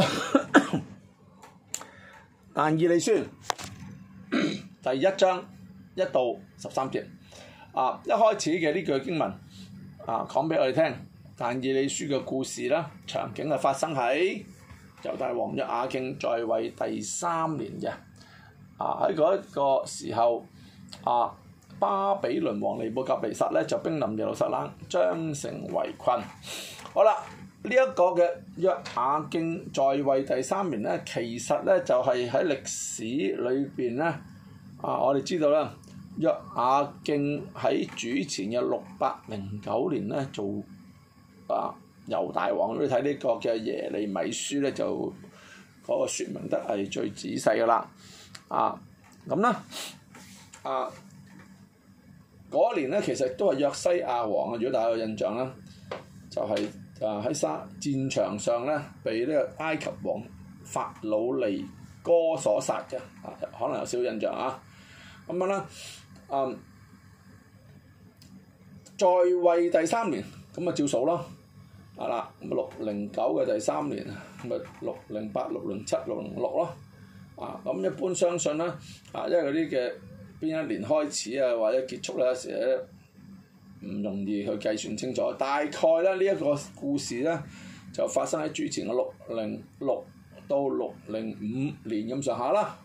但以理書 第一章一到十三節，啊，一開始嘅呢句經文啊講俾我哋聽，但以理書嘅故事啦，場景係發生喺猶大王約雅敬在位第三年嘅，啊喺嗰個時候啊，巴比倫王尼布甲尼撒咧就兵臨耶路撒冷，將城圍困。好啦。呢一個嘅約雅敬在位第三年咧，其實咧就係喺歷史裏邊咧，啊我哋知道啦，約雅敬喺主前嘅六百零九年咧做啊猶大王，你睇呢個嘅耶利米書咧就嗰、那個説明得係最仔細噶啦，啊咁啦啊嗰年咧其實都係約西亞王啊，如果大家有印象啦，就係、是。啊！喺沙戰場上咧，被呢個埃及王法老尼哥所殺嘅，啊可能有少印象啊。咁樣啦，嗯，在位第三年，咁啊照數咯，啊嗱，咁六零九嘅第三年，咁啊六零八、六零七、六零六咯。啊，咁一般相信啦，啊，因為嗰啲嘅邊一年開始啊，或者結束咧，有時唔容易去計算清楚，大概咧呢一、這個故事咧就發生喺主前嘅六零六到六零五年咁上下啦，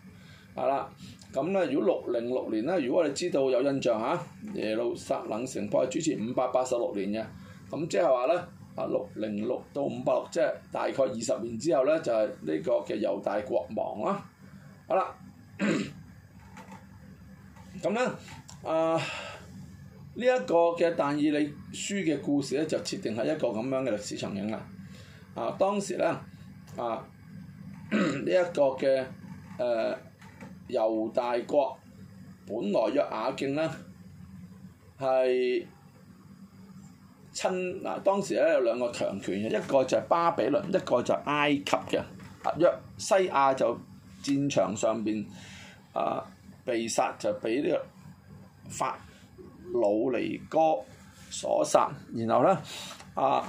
係啦，咁咧如果六零六年咧，如果你知道有印象吓，耶路撒冷城破係主前五百八十六年嘅，咁即係話咧啊六零六到五百六，即係大概二十年之後咧就係、是、呢個嘅猶大國亡啦，好啦，咁咧啊。 呢一個嘅但以理書嘅故事咧，就設定喺一個咁樣嘅歷史情景啦。啊，當時咧，啊呢一、這個嘅誒猶大國，本來約亞敬咧係親嗱，當時咧有兩個強權嘅，一個就係巴比倫，一個就係埃及嘅。啊，約西亞就戰場上邊啊被殺，就俾呢、這個法。老尼哥所殺，然後咧，啊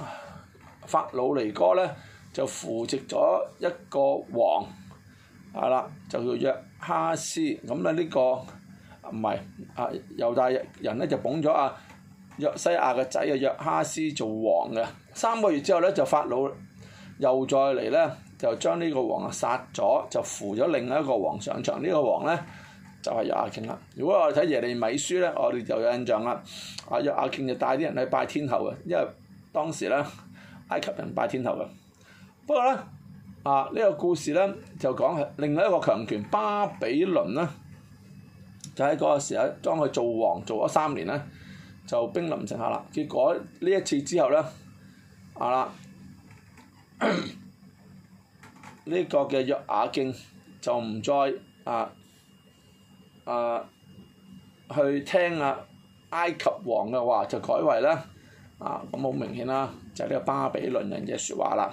法老尼哥咧就扶植咗一個王，係、啊、啦，就叫約哈斯。咁咧呢個唔係啊猶大人咧就捧咗啊約西亞嘅仔啊約哈斯做王嘅。三個月之後咧就法老又再嚟咧就將呢個王殺咗，就扶咗另一個王上場。呢、這個王咧。就係約亞敬啦。如果我哋睇耶利米書咧，我哋就有印象啦。啊約亞敬就帶啲人去拜天后嘅，因為當時咧埃及人拜天后嘅。不過咧，啊呢個故事咧就講係另外一個強權巴比倫咧，就喺嗰個時候當佢做王做咗三年咧，就兵臨城下啦。結果呢一次之後咧，啊，呢個嘅約亞敬就唔再啊。這個誒、啊、去聽啊埃及王嘅話，就改為咧啊，咁好明顯啦、啊，就係、係、呢個巴比倫人嘅説話啦。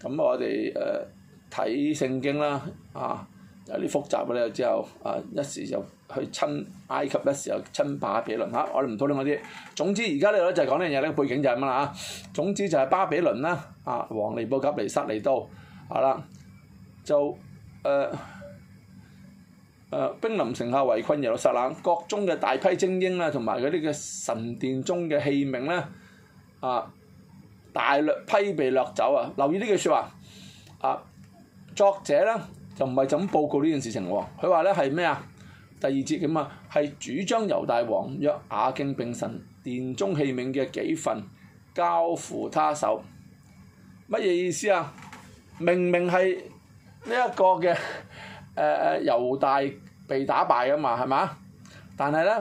咁我哋誒睇聖經啦，啊有啲複雜嘅咧之後，啊一時就去親埃及，一時又親巴比倫嚇、啊。我哋唔討論嗰啲。總之而家咧就講呢樣嘢咧，呢個、背景就係咁啦嚇。總之就係巴比倫啦，啊王尼布尼利波吉嚟撒利都。係、啊、啦，就誒。啊誒，兵臨城下圍困耶路撒冷，國中嘅大批精英啦，同埋嗰啲嘅神殿中嘅器皿咧，啊，大量批被掠走啊！留意呢句説話，啊，作者咧就唔係就咁報告呢件事情喎，佢話咧係咩啊？第二節咁啊，係主將猶大王約雅敬並神殿中器皿嘅幾份交付他手，乜嘢意思啊？明明係呢一個嘅誒誒猶大。被打敗啊嘛，係嘛？但係咧，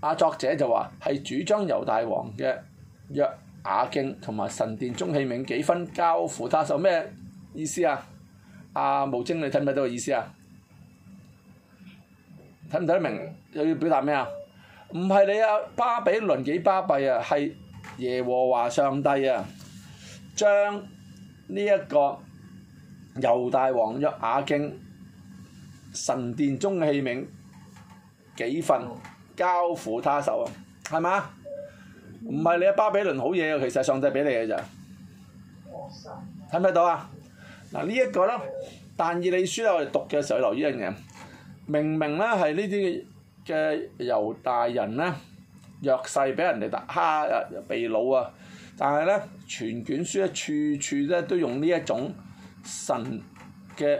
阿作者就話係主將猶大王嘅約雅敬同埋神殿中器皿幾分交付他手，咩意思啊？阿、啊、毛晶，你睇唔睇到個意思啊？睇唔睇得明？又要表達咩啊？唔係你啊，巴比倫幾巴閉啊，係耶和華上帝啊，將呢一個猶大王約雅敬。神殿中嘅器皿幾份交付他手啊，係嘛？唔係你阿巴比倫好嘢啊，其實上帝俾你嘅咋，睇唔睇到啊？嗱呢一個咧，但以理書咧，我哋讀嘅時候要留意一樣嘢，明明咧係呢啲嘅猶大人咧弱勢，俾人哋打蝦啊，被擄啊，但係咧全卷書咧，處處咧都用呢一種神嘅。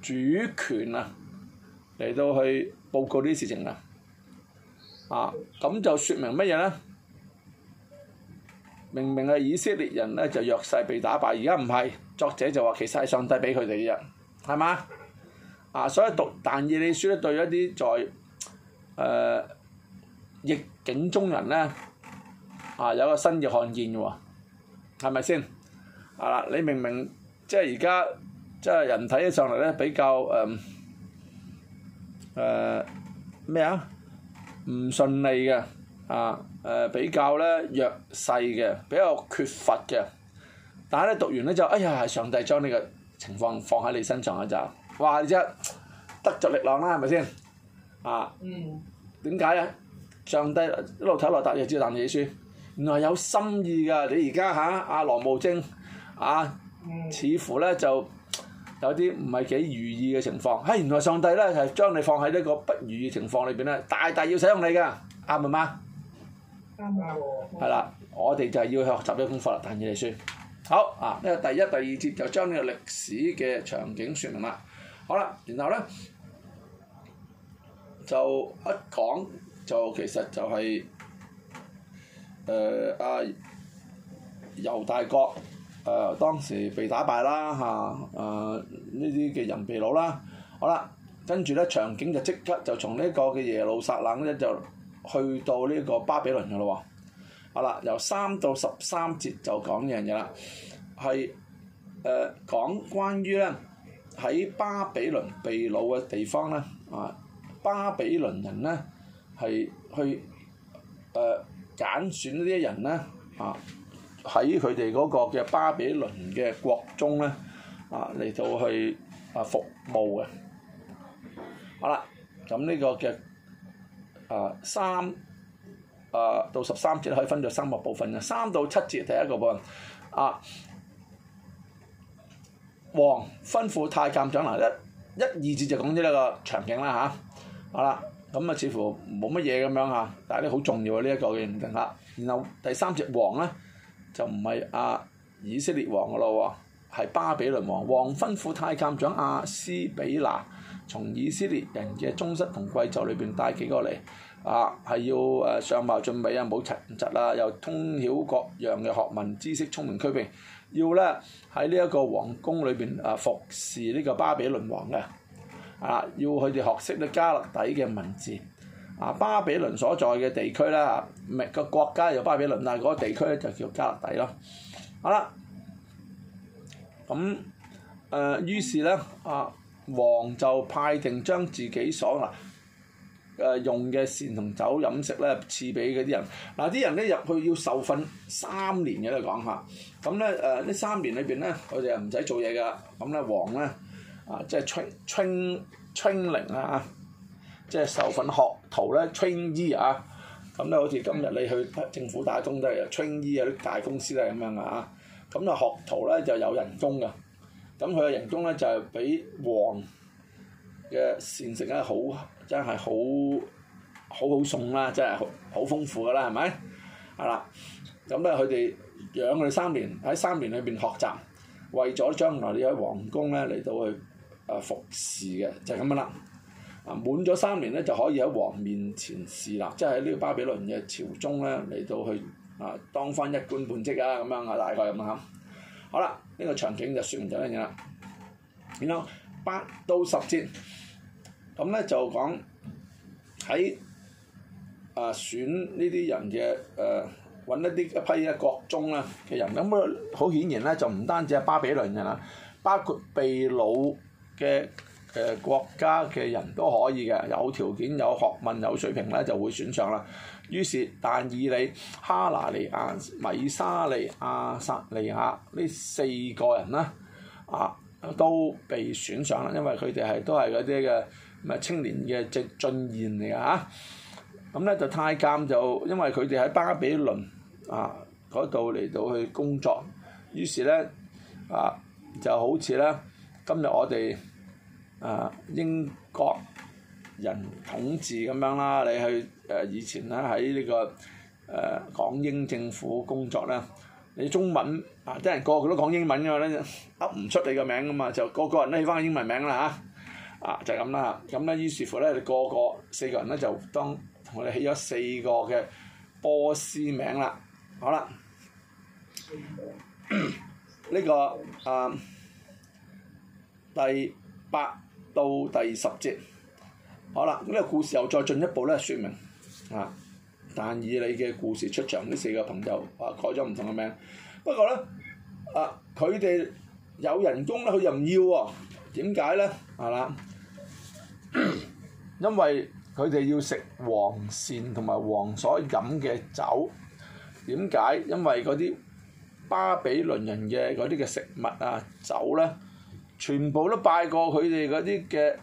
主權啊，嚟到去報告啲事情啊，啊咁就説明乜嘢咧？明明係以色列人咧就弱勢被打敗，而家唔係，作者就話其實係上帝俾佢哋嘅，人，係嘛？啊，所以讀但以理書咧，對一啲在誒、呃、逆境中人咧，啊有個新嘅看見喎，係咪先？啊，你明明即係而家。即係人睇起上嚟咧，比較誒誒咩啊唔順利嘅，啊誒、呃、比較咧弱勢嘅，比較缺乏嘅，但係咧讀完咧，就哎呀，係上帝將呢個情況放喺你身上嘅，就，話你只得着力量啦，係咪先啊？點解啊？上帝一路睇落，答讀又照讀耶穌書，原來有心意㗎！你而家嚇阿羅慕貞啊，似乎咧就～有啲唔係幾如意嘅情況，係，原來上帝咧係將你放喺呢個不如意情況裏邊咧，大大要使用你㗎，啱唔啱？啱喎。係啦，我哋就係要學習呢個功課啦，但以理算。好啊，呢個第一、第二節就將呢個歷史嘅場景説明啦。好啦，然後咧就一講就其實就係誒阿猶大國。誒、呃、當時被打敗啦嚇，誒呢啲嘅人被擄啦，好啦，跟住咧場景就即刻就從呢個嘅耶路撒冷咧就去到呢個巴比倫嘅咯喎，好啦，由三到十三節就講、呃、呢樣嘢啦，係誒講關於咧喺巴比倫被擄嘅地方咧啊，巴比倫人咧係去誒揀、呃、選呢啲人咧嚇。啊喺佢哋嗰個嘅巴比倫嘅國中咧，啊嚟到去啊服務嘅，好啦，咁呢個嘅啊三啊到十三節可以分作三個部分嘅，三到七節第一個部分，啊王吩咐太監長啦、啊，一一二節就講咗呢個場景啦吓、啊，好啦，咁啊似乎冇乜嘢咁樣嚇、啊，但係咧好重要、這個、啊呢一個嘅認定嚇，然後第三節王咧。就唔係阿以色列王嘅咯喎，係巴比倫王。王吩咐太監長阿斯比拿，從以色列人嘅宗室同貴族裏邊帶幾個嚟，啊，係要誒相貌俊美啊，冇殘疾啊，又通曉各樣嘅學問知識，聰明俱備，要咧喺呢一個皇宮裏邊啊服侍呢個巴比倫王嘅，啊，要佢哋學識呢加勒底嘅文字。啊，巴比倫所在嘅地區啦，唔、那、係個國家有巴比倫啦，嗰、那個地區咧就叫加勒底咯。好啦，咁、嗯、誒、呃、於是咧，啊王就派定將自己所嗱誒、呃、用嘅膳同酒飲食咧，賜俾嗰啲人。嗱、呃、啲人咧入去要受訓三年嘅，你講下。咁咧誒呢三年裏邊咧，佢哋就唔使做嘢㗎。咁、嗯、咧王咧啊，即係清清清零啦啊！即係受訓學徒咧 trainee 啊，咁咧好似今日你去政府打工都係 trainee 啊，啲大公司都係咁樣啊，咁啊學徒咧就有人工噶，咁佢嘅人工咧就係畀皇嘅膳食咧好，真係好，好好好餸啦，真係好豐富噶啦係咪？啊啦，咁咧佢哋養佢哋三年，喺三年裏邊學習，為咗將來你喺皇宮咧嚟到去啊服侍嘅就係咁噶啦。啊滿咗三年咧，就可以喺王面前試啦，即係喺呢個巴比倫嘅朝中咧嚟到去啊當翻一官半職啊咁樣啊，大概咁啊，好啦，呢、這個場景就説唔到乜嘢啦。然後八到十節，咁、啊、咧就講喺啊選呢啲人嘅誒揾一啲一批嘅國中啦嘅人，咁啊好顯然咧就唔單止係巴比倫人啦，包括秘魯嘅，嘅國家嘅人都可以嘅，有條件、有學問、有水平咧，就會選上啦。於是，但以理、哈拿尼亞、米沙尼亞、撒尼亞呢四個人啦，啊，都被選上啦，因為佢哋係都係嗰啲嘅唔係青年嘅正進言嚟嘅嚇。咁、啊、咧就太監就因為佢哋喺巴比倫啊嗰度嚟到去工作，於是咧啊就好似咧今日我哋。誒、啊、英國人統治咁樣啦，你去誒、呃、以前咧喺呢個誒、呃、港英政府工作咧，你中文啊，啲人，人個個都講英文嘅噶嘛，噏、啊、唔出你個名噶嘛，就個個人都起翻個英文名啦嚇，啊就係咁啦，咁、啊、咧於是乎咧，你個個四個人咧就當我哋起咗四個嘅波斯名啦，好啦，呢、呢個誒、啊、第八。到第十節，好啦，呢、這個故事又再進一步咧，說明啊，但以理嘅故事出場呢四個朋友啊，改咗唔同嘅名。不過咧，啊，佢哋有人工咧，佢又唔要喎、哦。點解咧？係、啊、啦，因為佢哋要食王膳同埋王所飲嘅酒。點解？因為嗰啲巴比倫人嘅嗰啲嘅食物啊，酒咧。全部都拜過佢哋嗰啲嘅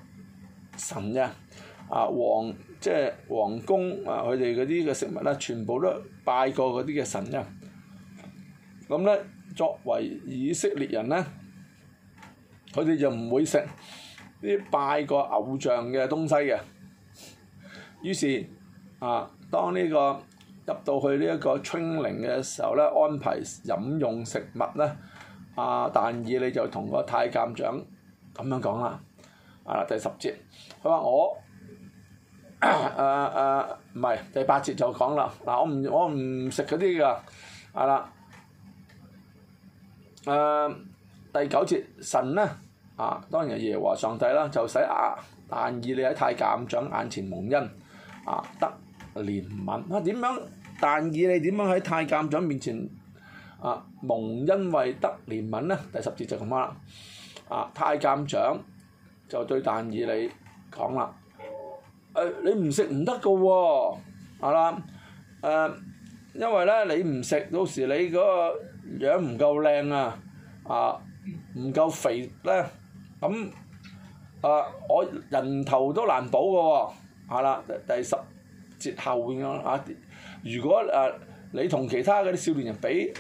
神呀，啊皇即係王宮、就是、啊，佢哋嗰啲嘅食物咧，全部都拜過嗰啲嘅神呀。咁咧，作為以色列人咧，佢哋就唔會食啲拜過偶像嘅東西嘅。於是啊，當呢、這個入到去呢一個訓練嘅時候咧，安排飲用食物咧。啊！但以利就同個太監長咁樣講啦。啊，第十節，佢話我誒誒唔係第八節就講啦。嗱，我唔我唔食嗰啲㗎，係啦。誒、啊、第九節，神咧啊，當然耶和上帝啦，就使啊。但以利喺太監長眼前蒙恩，啊得憐憫。啊點樣？但以利點樣喺太監長面前？啊！蒙因為得憐憫咧，第十節就咁樣啦。啊！太監長就對但以理、哎、你講啦、哦，誒你唔食唔得噶喎，係啦，誒，因為咧你唔食，到時你嗰個樣唔夠靚啊，啊，唔夠肥咧，咁、啊，誒、啊、我人頭都難保噶喎、哦，係、啊、啦，第十節後邊啊，如果誒你同其他嗰啲少年人比。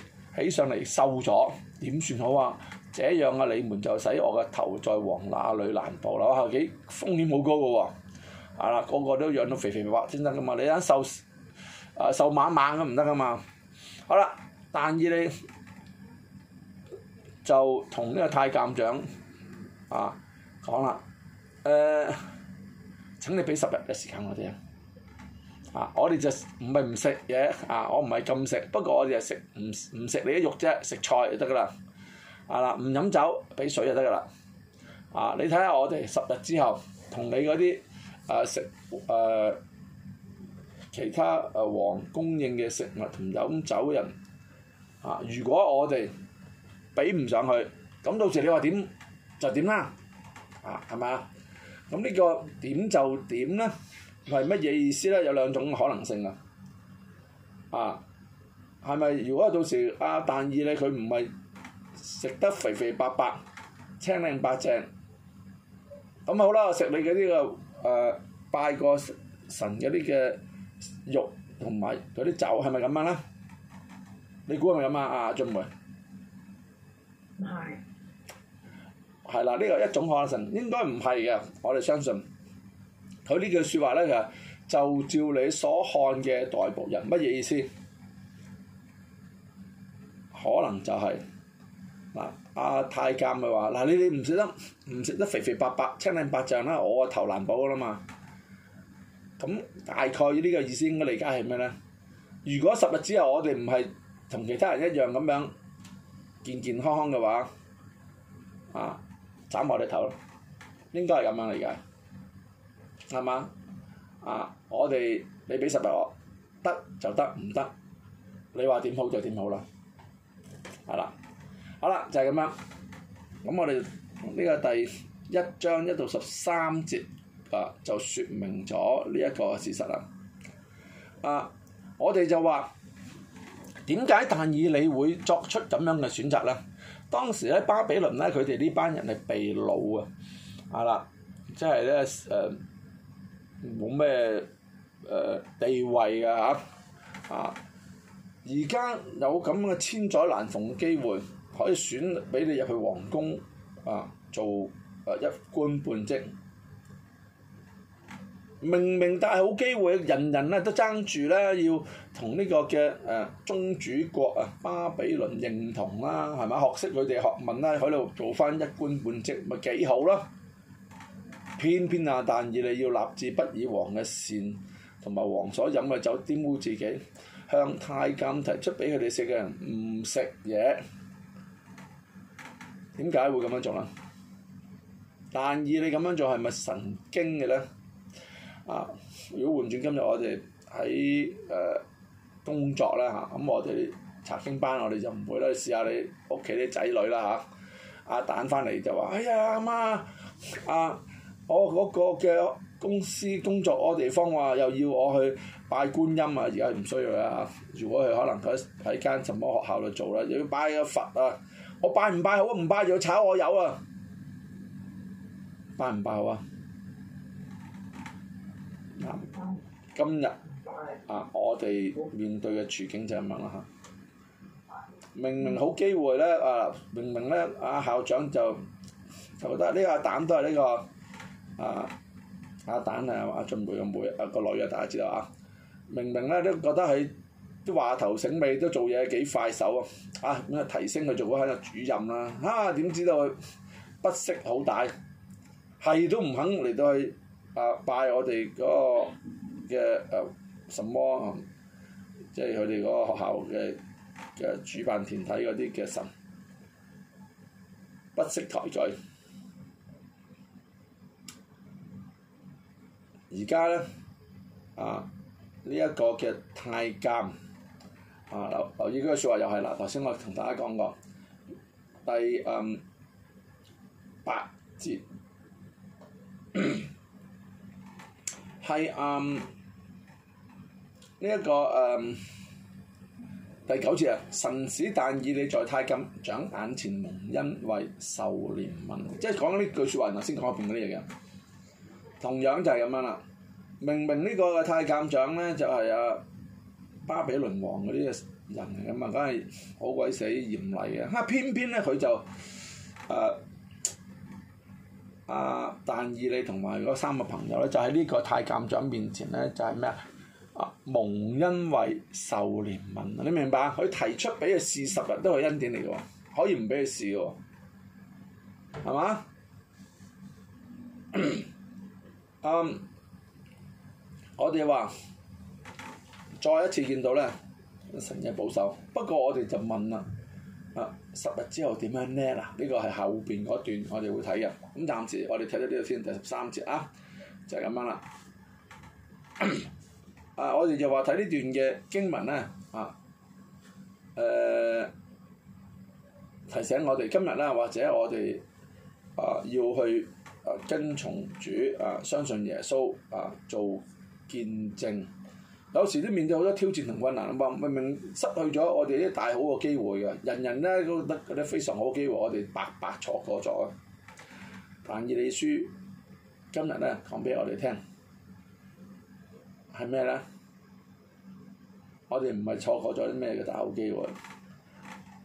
起上嚟瘦咗點算好啊？這樣啊，你們就使我嘅頭在王那裏難保啦！後幾風險好高嘅喎，啦、啊，個個都養到肥肥白白先得噶嘛，itu? 你一瘦，啊、呃、瘦蜢蜢咁唔得噶嘛。好啦，但以理就同呢個太監長啊講啦，誒、呃，請你俾十日嘅時間我哋。啊！我哋就唔係唔食嘢，啊！我唔係禁食，不過我哋就食唔唔食你啲肉啫，食菜就得噶啦。啊啦，唔飲酒，俾水就得噶啦。啊！你睇下我哋十日之後，同你嗰啲誒食誒、啊、其他誒王供應嘅食物同飲酒嘅人，啊！如果我哋比唔上去，咁到時你話點就點啦。啊，係咪啊？咁呢個點就點啦。係乜嘢意思咧？有兩種可能性啊！啊，係咪如果到時阿、啊、但二咧佢唔係食得肥肥白白、青靚白淨，咁、嗯、咪好啦，食你嘅呢嘅誒拜過神個神嗰啲嘅肉同埋嗰啲酒，係咪咁啊？啦，你估係咪咁啊？阿俊梅唔係，係啦、嗯，呢、這個一種可能性應該唔係嘅，我哋相信。佢呢句説話咧，其實就照你所看嘅代步人，乜嘢意思？可能就係、是、嗱，阿、啊、太監咪話：嗱、啊，你哋唔食得唔食得肥肥白白、青靚白淨啦，我個頭難保啦嘛。咁大概呢個意思應該理解係咩咧？如果十日之後我哋唔係同其他人一樣咁樣健健康康嘅話，啊斬我哋頭咯，應該係咁樣理解。係嘛？啊！我哋你俾十日我，得就得，唔得，你話點好就點好啦。係啦，好啦，就係咁樣。咁我哋呢個第一章一到十三節啊，就説明咗呢一個事實啦。啊！我哋就話點解但以理會作出咁樣嘅選擇咧？當時咧，巴比倫咧，佢哋呢班人係被擄啊。係啦，即係咧誒。冇咩誒地位嘅嚇啊！而、啊、家有咁嘅千載難逢嘅機會，可以選俾你入去皇宮啊，做誒、啊、一官半職。明明大好機會，人人咧都爭住咧要同呢個嘅誒、啊、宗主國啊巴比倫認同啦、啊，係咪？學識佢哋學問啦、啊，喺度做翻一官半職，咪幾好咯～偏偏阿、啊、但以理要立志不以王嘅善，同埋王所飲嘅酒玷污自己，向太監提出俾佢哋食嘅人唔食嘢，點解會咁樣做啦？但以理咁樣做係咪神經嘅咧？啊！如果換轉今日我哋喺誒工作咧嚇，咁、啊、我哋查經班我哋就唔會啦，試下你屋企啲仔女啦嚇，阿但翻嚟就話：哎呀阿媽，阿……啊我嗰個嘅公司工作，我地方話又要我去拜觀音啊！而家唔需要啦。如果佢可能佢喺間什麼學校度做啦，又要拜個佛啊！我拜唔拜好啊？唔拜又要炒我友啊！拜唔拜好啊？嗱，今日啊，我哋面對嘅處境就係咁啦嚇。明明好機會咧啊！明明咧啊，校長就就覺得呢個、啊、膽都係呢個。啊！阿蛋啊，阿俊梅個妹，妹啊，個女啊，大家知道啊？明明咧都覺得佢啲話頭醒尾都做嘢幾快手啊！啊咁啊，提升佢做咗喺個主任啦！啊點知道佢不識好歹，係都唔肯嚟到去啊拜我哋嗰、嗰個嘅誒、呃、什麼，即係佢哋嗰個學校嘅嘅主辦團體嗰啲嘅神，不識抬舉。而家咧，啊，呢、這、一個嘅太監，啊留、留意嗰句説話又係啦，頭先我同大家講過，第嗯八節，係啊呢一個誒、嗯、第九節啊，神使但以理在太監掌眼前蒙恩惠受憐憫，即係講緊呢句説話，頭先講嗰邊嗰啲嘢嘅。同樣就係咁樣啦，明明呢個太監長咧就係、是、啊巴比倫王嗰啲嘅人嚟噶嘛，梗係好鬼死嚴厲嘅。啊，偏偏咧佢就啊啊但以理同埋嗰三個朋友咧，就喺呢個太監長面前咧，就係、是、咩啊蒙恩惠受憐憫，你明白啊？佢提出俾佢試十日都係恩典嚟嘅，可以唔俾佢試嘅喎，係嘛？ 啊！Um, 我哋話再一次見到咧，神嘅保守。不過我哋就問啦，啊十日之後點樣呢？嗱，呢個係後邊嗰段我哋會睇嘅。咁、嗯、暫時我哋睇到呢度先，第十三節啊，就係、是、咁樣啦。 啊，我哋就話睇呢段嘅經文咧，啊，誒、呃、提醒我哋今日啦，或者我哋啊要去。啊，遵從主啊，相信耶穌啊，做見證，有時都面對好多挑戰同困難，明明失去咗我哋啲大好嘅機會嘅，人人呢都覺得非常好機會，我哋白白錯過咗。但以理書今日呢講俾我哋聽，係咩呢？我哋唔係錯過咗啲咩嘅大好機會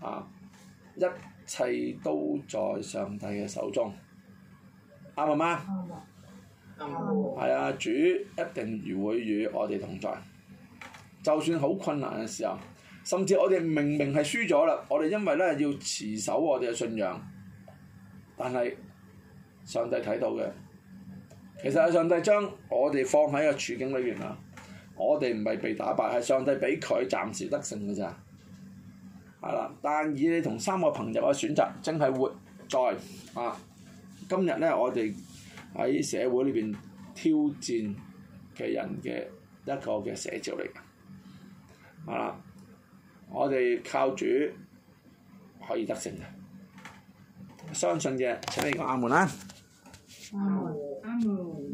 啊！一切都在上帝嘅手中。啱唔啱？係啊、嗯，主一定會與我哋同在。就算好困難嘅時候，甚至我哋明明係輸咗啦，我哋因為咧要持守我哋嘅信仰，但係上帝睇到嘅。其實係上帝將我哋放喺個處境裏邊啊！我哋唔係被打敗，係上帝俾佢暫時得勝嘅咋。係啦，但以你同三個朋友嘅選擇，正係活在啊！今日咧，我哋喺社會裏邊挑戰嘅人嘅一個嘅寫照嚟嘅，啊！我哋靠主可以得勝嘅，相信嘅，請你講阿門啦。阿門，阿門。